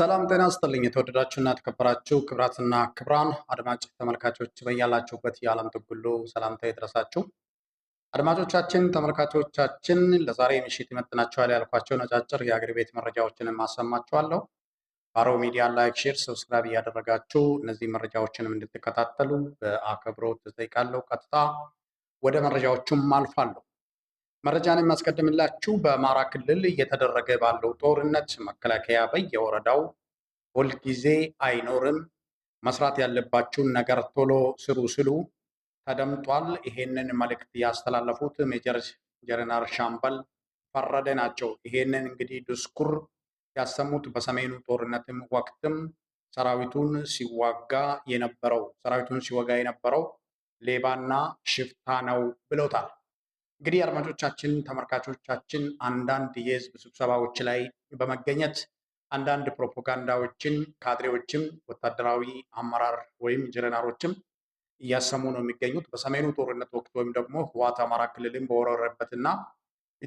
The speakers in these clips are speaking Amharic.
ሰላም ጤና ስጥልኝ። የተወደዳችሁና የተከበራችሁ ክብራትና ክብራን አድማጭ ተመልካቾች በያላችሁበት የዓለም ጥግ ሰላምታ የደረሳችሁ አድማጮቻችን፣ ተመልካቾቻችን ለዛሬ ምሽት ይመጥናችኋል ያልኳቸው ነጫጭር የአገር ቤት መረጃዎችን ማሰማችኋለሁ። ባሮ ሚዲያ ላይክ፣ ሼር፣ ሰብስክራይብ እያደረጋችሁ እነዚህ መረጃዎችንም እንድትከታተሉ በአክብሮት እጠይቃለሁ። ቀጥታ ወደ መረጃዎቹም አልፋለሁ። መረጃን የማስቀድምላችሁ በአማራ ክልል እየተደረገ ባለው ጦርነት መከላከያ በየወረዳው ሁልጊዜ አይኖርም፣ መስራት ያለባችሁን ነገር ቶሎ ስሩ ስሉ ተደምጧል። ይሄንን መልእክት ያስተላለፉት ሜጀር ጀነራል ሻምበል ፈረደ ናቸው። ይሄንን እንግዲህ ድስኩር ያሰሙት በሰሜኑ ጦርነትም ወቅትም ሰራዊቱን ሲዋጋ የነበረው ሰራዊቱን ሲወጋ የነበረው ሌባና ሽፍታ ነው ብለውታል። እንግዲህ አድማጮቻችን፣ ተመልካቾቻችን አንዳንድ የህዝብ ስብሰባዎች ላይ በመገኘት አንዳንድ ፕሮፓጋንዳዎችን ካድሬዎችም ወታደራዊ አመራር ወይም ጀነራሎችም እያሰሙ ነው የሚገኙት። በሰሜኑ ጦርነት ወቅት ወይም ደግሞ ህዋት አማራ ክልልን በወረረበትና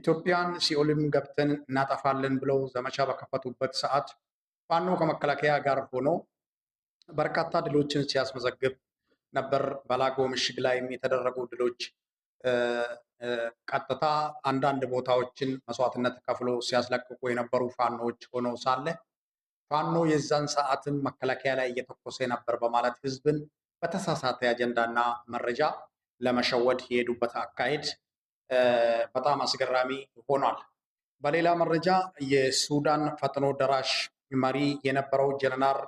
ኢትዮጵያን ሲኦልም ገብተን እናጠፋለን ብለው ዘመቻ በከፈቱበት ሰዓት ፋኖ ከመከላከያ ጋር ሆኖ በርካታ ድሎችን ሲያስመዘግብ ነበር። በላጎ ምሽግ ላይም የተደረጉ ድሎች ቀጥታ አንዳንድ ቦታዎችን መስዋዕትነት ከፍሎ ሲያስለቅቁ የነበሩ ፋኖዎች ሆኖ ሳለ ፋኖ የዛን ሰዓትም መከላከያ ላይ እየተኮሰ ነበር በማለት ህዝብን በተሳሳተ አጀንዳና መረጃ ለመሸወድ የሄዱበት አካሄድ በጣም አስገራሚ ሆኗል። በሌላ መረጃ የሱዳን ፈጥኖ ደራሽ መሪ የነበረው ጀነራል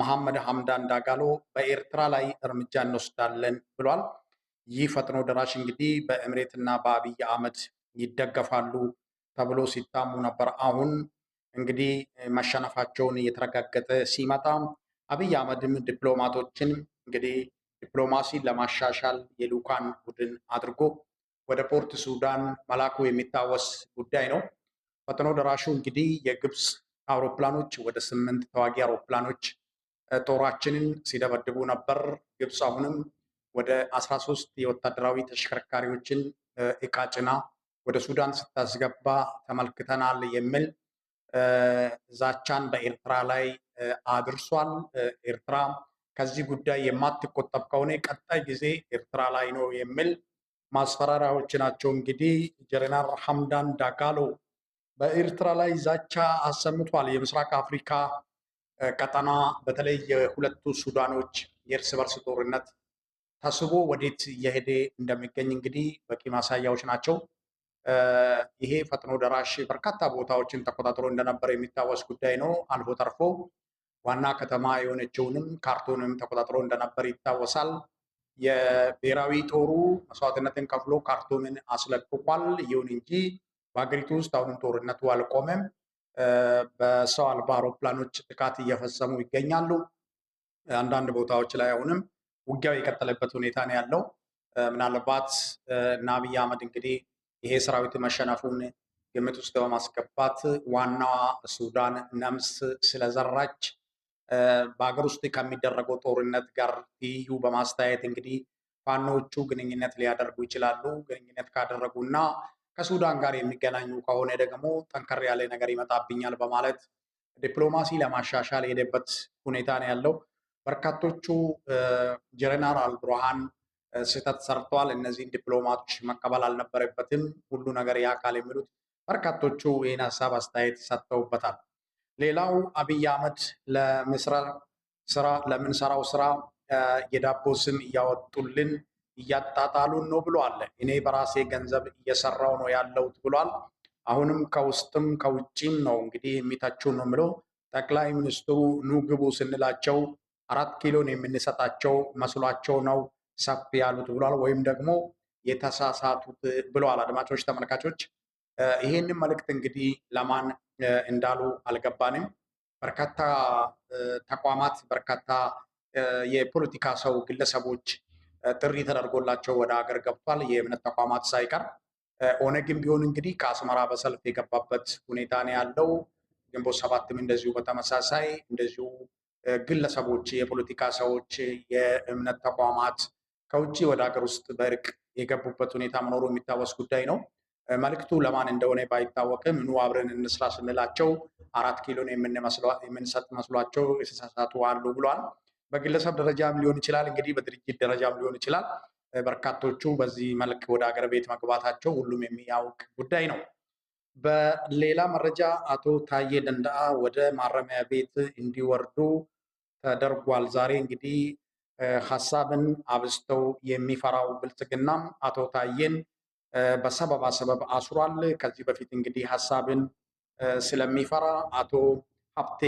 መሐመድ ሐምዳን ዳጋሎ በኤርትራ ላይ እርምጃ እንወስዳለን ብሏል። ይህ ፈጥኖ ደራሽ እንግዲህ በእምሬትና በአብይ አህመድ ይደገፋሉ ተብሎ ሲታሙ ነበር። አሁን እንግዲህ መሸነፋቸውን እየተረጋገጠ ሲመጣ አብይ አህመድም ዲፕሎማቶችን እንግዲህ ዲፕሎማሲ ለማሻሻል የልዑካን ቡድን አድርጎ ወደ ፖርት ሱዳን መላኩ የሚታወስ ጉዳይ ነው። ፈጥኖ ደራሹ እንግዲህ የግብፅ አውሮፕላኖች ወደ ስምንት ተዋጊ አውሮፕላኖች ጦራችንን ሲደበድቡ ነበር። ግብፅ አሁንም ወደ 13 የወታደራዊ ተሽከርካሪዎችን እቃ ጭና ወደ ሱዳን ስታስገባ ተመልክተናል የሚል ዛቻን በኤርትራ ላይ አድርሷል። ኤርትራ ከዚህ ጉዳይ የማትቆጠብ ከሆነ ቀጣይ ጊዜ ኤርትራ ላይ ነው የሚል ማስፈራሪያዎች ናቸው። እንግዲህ ጀነራል ሐምዳን ዳጋሎ በኤርትራ ላይ ዛቻ አሰምቷል። የምስራቅ አፍሪካ ቀጠና በተለይ የሁለቱ ሱዳኖች የእርስ በርስ ጦርነት ታስቦ ወዴት እየሄደ እንደሚገኝ እንግዲህ በቂ ማሳያዎች ናቸው። ይሄ ፈጥኖ ደራሽ በርካታ ቦታዎችን ተቆጣጥሮ እንደነበረ የሚታወስ ጉዳይ ነው። አልፎ ተርፎ ዋና ከተማ የሆነችውንም ካርቱንም ተቆጣጥሮ እንደነበር ይታወሳል። የብሔራዊ ጦሩ መስዋዕትነትን ከፍሎ ካርቱምን አስለቅቋል። ይሁን እንጂ በሀገሪቱ ውስጥ አሁንም ጦርነቱ አልቆመም። በሰው አልባ አውሮፕላኖች ጥቃት እየፈጸሙ ይገኛሉ። አንዳንድ ቦታዎች ላይ አሁንም ውጊያው የቀጠለበት ሁኔታ ነው ያለው። ምናልባት እና አብይ አህመድ እንግዲህ ይሄ ሰራዊት መሸነፉን ግምት ውስጥ በማስገባት ዋናዋ ሱዳን ነምስ ስለዘራች በሀገር ውስጥ ከሚደረገው ጦርነት ጋር ትይዩ በማስተያየት እንግዲህ ፋኖቹ ግንኙነት ሊያደርጉ ይችላሉ። ግንኙነት ካደረጉ እና ከሱዳን ጋር የሚገናኙ ከሆነ ደግሞ ጠንከር ያለ ነገር ይመጣብኛል በማለት ዲፕሎማሲ ለማሻሻል የሄደበት ሁኔታ ነው ያለው። በርካቶቹ ጀነራል አልብርሃን ስህተት ሰርተዋል፣ እነዚህን ዲፕሎማቶች መቀበል አልነበረበትም፣ ሁሉ ነገር የአካል የሚሉት በርካቶቹ ይህን ሀሳብ አስተያየት ሰጥተውበታል። ሌላው አብይ አህመድ ለምንሰራው ስራ የዳቦ ስም እያወጡልን እያጣጣሉን ነው ብሏል። እኔ በራሴ ገንዘብ እየሰራው ነው ያለሁት ብሏል። አሁንም ከውስጥም ከውጭም ነው እንግዲህ የሚታችሁ ነው ብሎ ጠቅላይ ሚኒስትሩ ኑ ግቡ ስንላቸው አራት ኪሎን የምንሰጣቸው መስሏቸው ነው ሰፊ ያሉት ብሏል። ወይም ደግሞ የተሳሳቱት ብለዋል። አድማጮች፣ ተመልካቾች ይህንን መልእክት እንግዲህ ለማን እንዳሉ አልገባንም። በርካታ ተቋማት፣ በርካታ የፖለቲካ ሰው ግለሰቦች ጥሪ ተደርጎላቸው ወደ ሀገር ገብቷል፣ የእምነት ተቋማት ሳይቀር። ኦነግም ቢሆን እንግዲህ ከአስመራ በሰልፍ የገባበት ሁኔታ ነው ያለው። ግንቦት ሰባትም እንደዚሁ በተመሳሳይ እንደዚሁ ግለሰቦች፣ የፖለቲካ ሰዎች፣ የእምነት ተቋማት ከውጭ ወደ ሀገር ውስጥ በእርቅ የገቡበት ሁኔታ መኖሩ የሚታወስ ጉዳይ ነው። መልክቱ ለማን እንደሆነ ባይታወቅም ኑ አብረን እንስራ ስንላቸው አራት ኪሎን የምንሰጥ መስሏቸው የተሳሳቱ አሉ ብሏል። በግለሰብ ደረጃም ሊሆን ይችላል እንግዲህ በድርጅት ደረጃም ሊሆን ይችላል። በርካቶቹ በዚህ መልክ ወደ ሀገር ቤት መግባታቸው ሁሉም የሚያውቅ ጉዳይ ነው። በሌላ መረጃ አቶ ታዬ ደንዳአ ወደ ማረሚያ ቤት እንዲወርዱ ተደርጓል። ዛሬ እንግዲህ ሀሳብን አብዝተው የሚፈራው ብልጽግናም አቶ ታዬን በሰበባ ሰበብ አስሯል። ከዚህ በፊት እንግዲህ ሀሳብን ስለሚፈራ አቶ ሀብቴ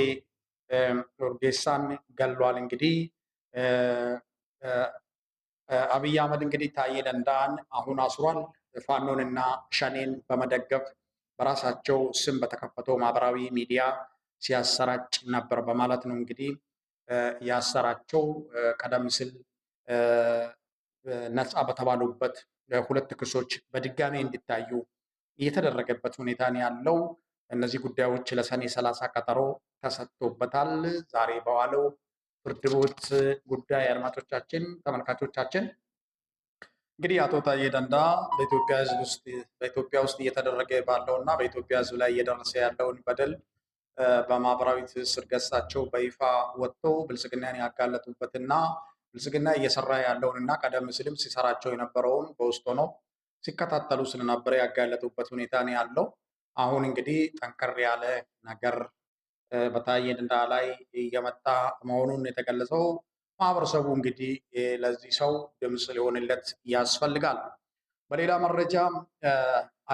ኡርጌሳን ገሏል። እንግዲህ አብይ አህመድ እንግዲህ ታዬ ደንዳን አሁን አስሯል። ፋኖንና ሸኔን በመደገፍ በራሳቸው ስም በተከፈተው ማህበራዊ ሚዲያ ሲያሰራጭ ነበር በማለት ነው እንግዲህ ያሰራቸው ቀደም ሲል ነጻ በተባሉበት ሁለት ክሶች በድጋሚ እንዲታዩ እየተደረገበት ሁኔታ ያለው እነዚህ ጉዳዮች ለሰኔ ሰላሳ ቀጠሮ ተሰጥቶበታል። ዛሬ በዋለው ፍርድ ቤት ጉዳይ አድማጮቻችን፣ ተመልካቾቻችን እንግዲህ አቶ ታዬ ደንዳ በኢትዮጵያ ሕዝብ ውስጥ በኢትዮጵያ ውስጥ እየተደረገ ባለውና በኢትዮጵያ ሕዝብ ላይ እየደረሰ ያለውን በደል በማህበራዊ ትስስር ገጻቸው በይፋ ወጥተው ብልጽግናን ያጋለጡበትና ብልጽግና እየሰራ ያለውንና ቀደም ሲልም ሲሰራቸው የነበረውን በውስጥ ሆነው ሲከታተሉ ስለነበረ ያጋለጡበት ሁኔታ ነው ያለው። አሁን እንግዲህ ጠንከር ያለ ነገር በታየ ላይ እየመጣ መሆኑን የተገለጸው ማህበረሰቡ እንግዲህ ለዚህ ሰው ድምፅ ሊሆንለት ያስፈልጋል። በሌላ መረጃ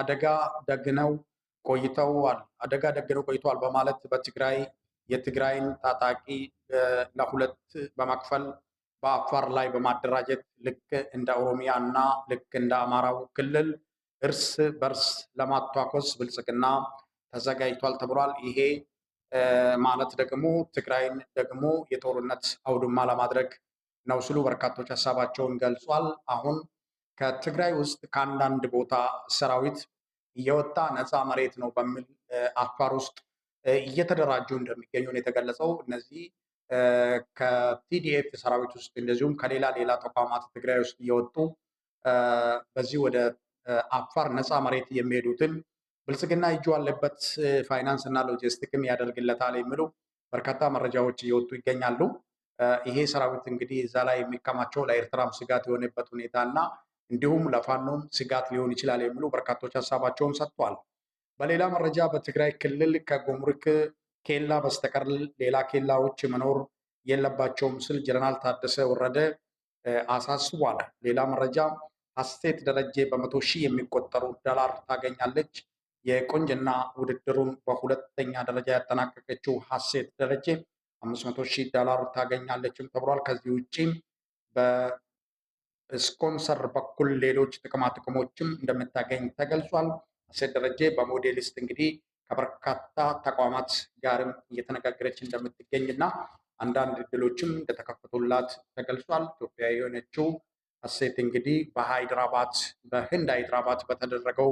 አደጋ ደግነው ቆይተዋል አደጋ ደግነው ቆይተዋል በማለት በትግራይ የትግራይን ታጣቂ ለሁለት በመክፈል በአፋር ላይ በማደራጀት ልክ እንደ ኦሮሚያ እና ልክ እንደ አማራው ክልል እርስ በርስ ለማተኮስ ብልጽግና ተዘጋጅቷል ተብሏል። ይሄ ማለት ደግሞ ትግራይን ደግሞ የጦርነት አውድማ ለማድረግ ነው ሲሉ በርካቶች ሀሳባቸውን ገልጿል። አሁን ከትግራይ ውስጥ ከአንዳንድ ቦታ ሰራዊት እየወጣ ነፃ መሬት ነው በሚል አፋር ውስጥ እየተደራጁ እንደሚገኙ ነው የተገለጸው። እነዚህ ከቲዲኤፍ ሰራዊት ውስጥ እንደዚሁም ከሌላ ሌላ ተቋማት ትግራይ ውስጥ እየወጡ በዚህ ወደ አፋር ነፃ መሬት የሚሄዱትን ብልጽግና እጁ አለበት፣ ፋይናንስ እና ሎጂስቲክም ያደርግለታል የሚሉ በርካታ መረጃዎች እየወጡ ይገኛሉ። ይሄ ሰራዊት እንግዲህ እዛ ላይ የሚከማቸው ለኤርትራም ስጋት የሆነበት ሁኔታ እና እንዲሁም ለፋኖም ስጋት ሊሆን ይችላል የሚሉ በርካቶች ሀሳባቸውን ሰጥቷል። በሌላ መረጃ በትግራይ ክልል ከጉምሩክ ኬላ በስተቀር ሌላ ኬላዎች መኖር የለባቸውም ስል ጀነራል ታደሰ ወረደ አሳስቧል። ሌላ መረጃ ሀሴት ደረጀ በመቶ ሺህ የሚቆጠሩ ዶላር ታገኛለች። የቁንጅና ውድድሩን በሁለተኛ ደረጃ ያጠናቀቀችው ሀሴት ደረጀ አምስት መቶ ሺህ ዶላር ታገኛለችም ተብሏል። ከዚህ ውጪ ስፖንሰር በኩል ሌሎች ጥቅማ ጥቅሞችም እንደምታገኝ ተገልጿል። ሀሴት ደረጀ በሞዴሊስት እንግዲህ ከበርካታ ተቋማት ጋርም እየተነጋገረች እንደምትገኝና አንዳንድ እድሎችም እንደተከፈቱላት ተገልጿል። ኢትዮጵያ የሆነችው አሴት እንግዲህ በሃይድራባት በህንድ ሃይድራባት በተደረገው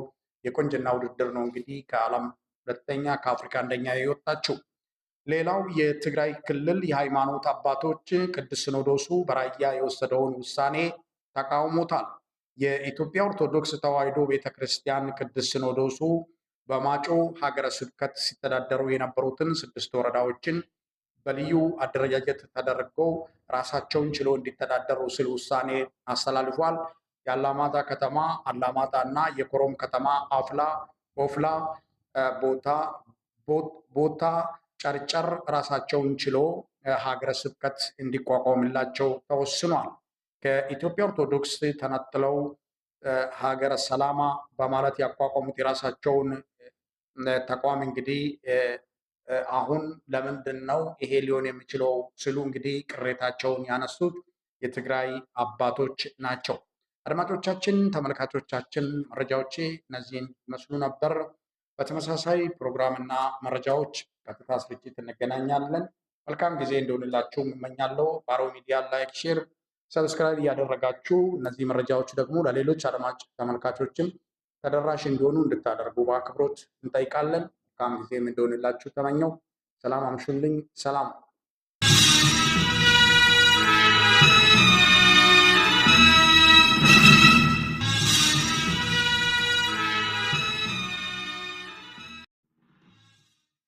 የቆንጅና ውድድር ነው እንግዲህ ከዓለም ሁለተኛ ከአፍሪካ አንደኛ የወጣችው። ሌላው የትግራይ ክልል የሃይማኖት አባቶች ቅዱስ ሲኖዶሱ በራያ የወሰደውን ውሳኔ ተቃውሞታል። የኢትዮጵያ ኦርቶዶክስ ተዋሕዶ ቤተክርስቲያን ቅዱስ ሲኖዶሱ በማጮ ሀገረ ስብከት ሲተዳደሩ የነበሩትን ስድስት ወረዳዎችን በልዩ አደረጃጀት ተደርገው ራሳቸውን ችሎ እንዲተዳደሩ ሲል ውሳኔ አስተላልፏል። የአላማጣ ከተማ አላማጣ እና የኮረም ከተማ አፍላ፣ ኦፍላ፣ ቦታ ጨርጨር ራሳቸውን ችሎ ሀገረ ስብከት እንዲቋቋምላቸው ተወስኗል። ከኢትዮጵያ ኦርቶዶክስ ተነጥለው ሀገረ ሰላማ በማለት ያቋቋሙት የራሳቸውን ተቋም እንግዲህ አሁን ለምንድን ነው ይሄ ሊሆን የሚችለው ሲሉ እንግዲህ ቅሬታቸውን ያነሱት የትግራይ አባቶች ናቸው። አድማጮቻችን፣ ተመልካቾቻችን መረጃዎች እነዚህን ይመስሉ ነበር። በተመሳሳይ ፕሮግራምና መረጃዎች ቀጥታ ስርጭት እንገናኛለን። መልካም ጊዜ እንደሆንላችሁ እመኛለሁ። ባሮ ሚዲያ ላይክ፣ ሼር ሰብስክራይብ እያደረጋችሁ እነዚህ መረጃዎች ደግሞ ለሌሎች አድማጭ ተመልካቾችም ተደራሽ እንዲሆኑ እንድታደርጉ በአክብሮት እንጠይቃለን። መልካም ጊዜም እንደሆንላችሁ ተመኘው። ሰላም አምሹልኝ። ሰላም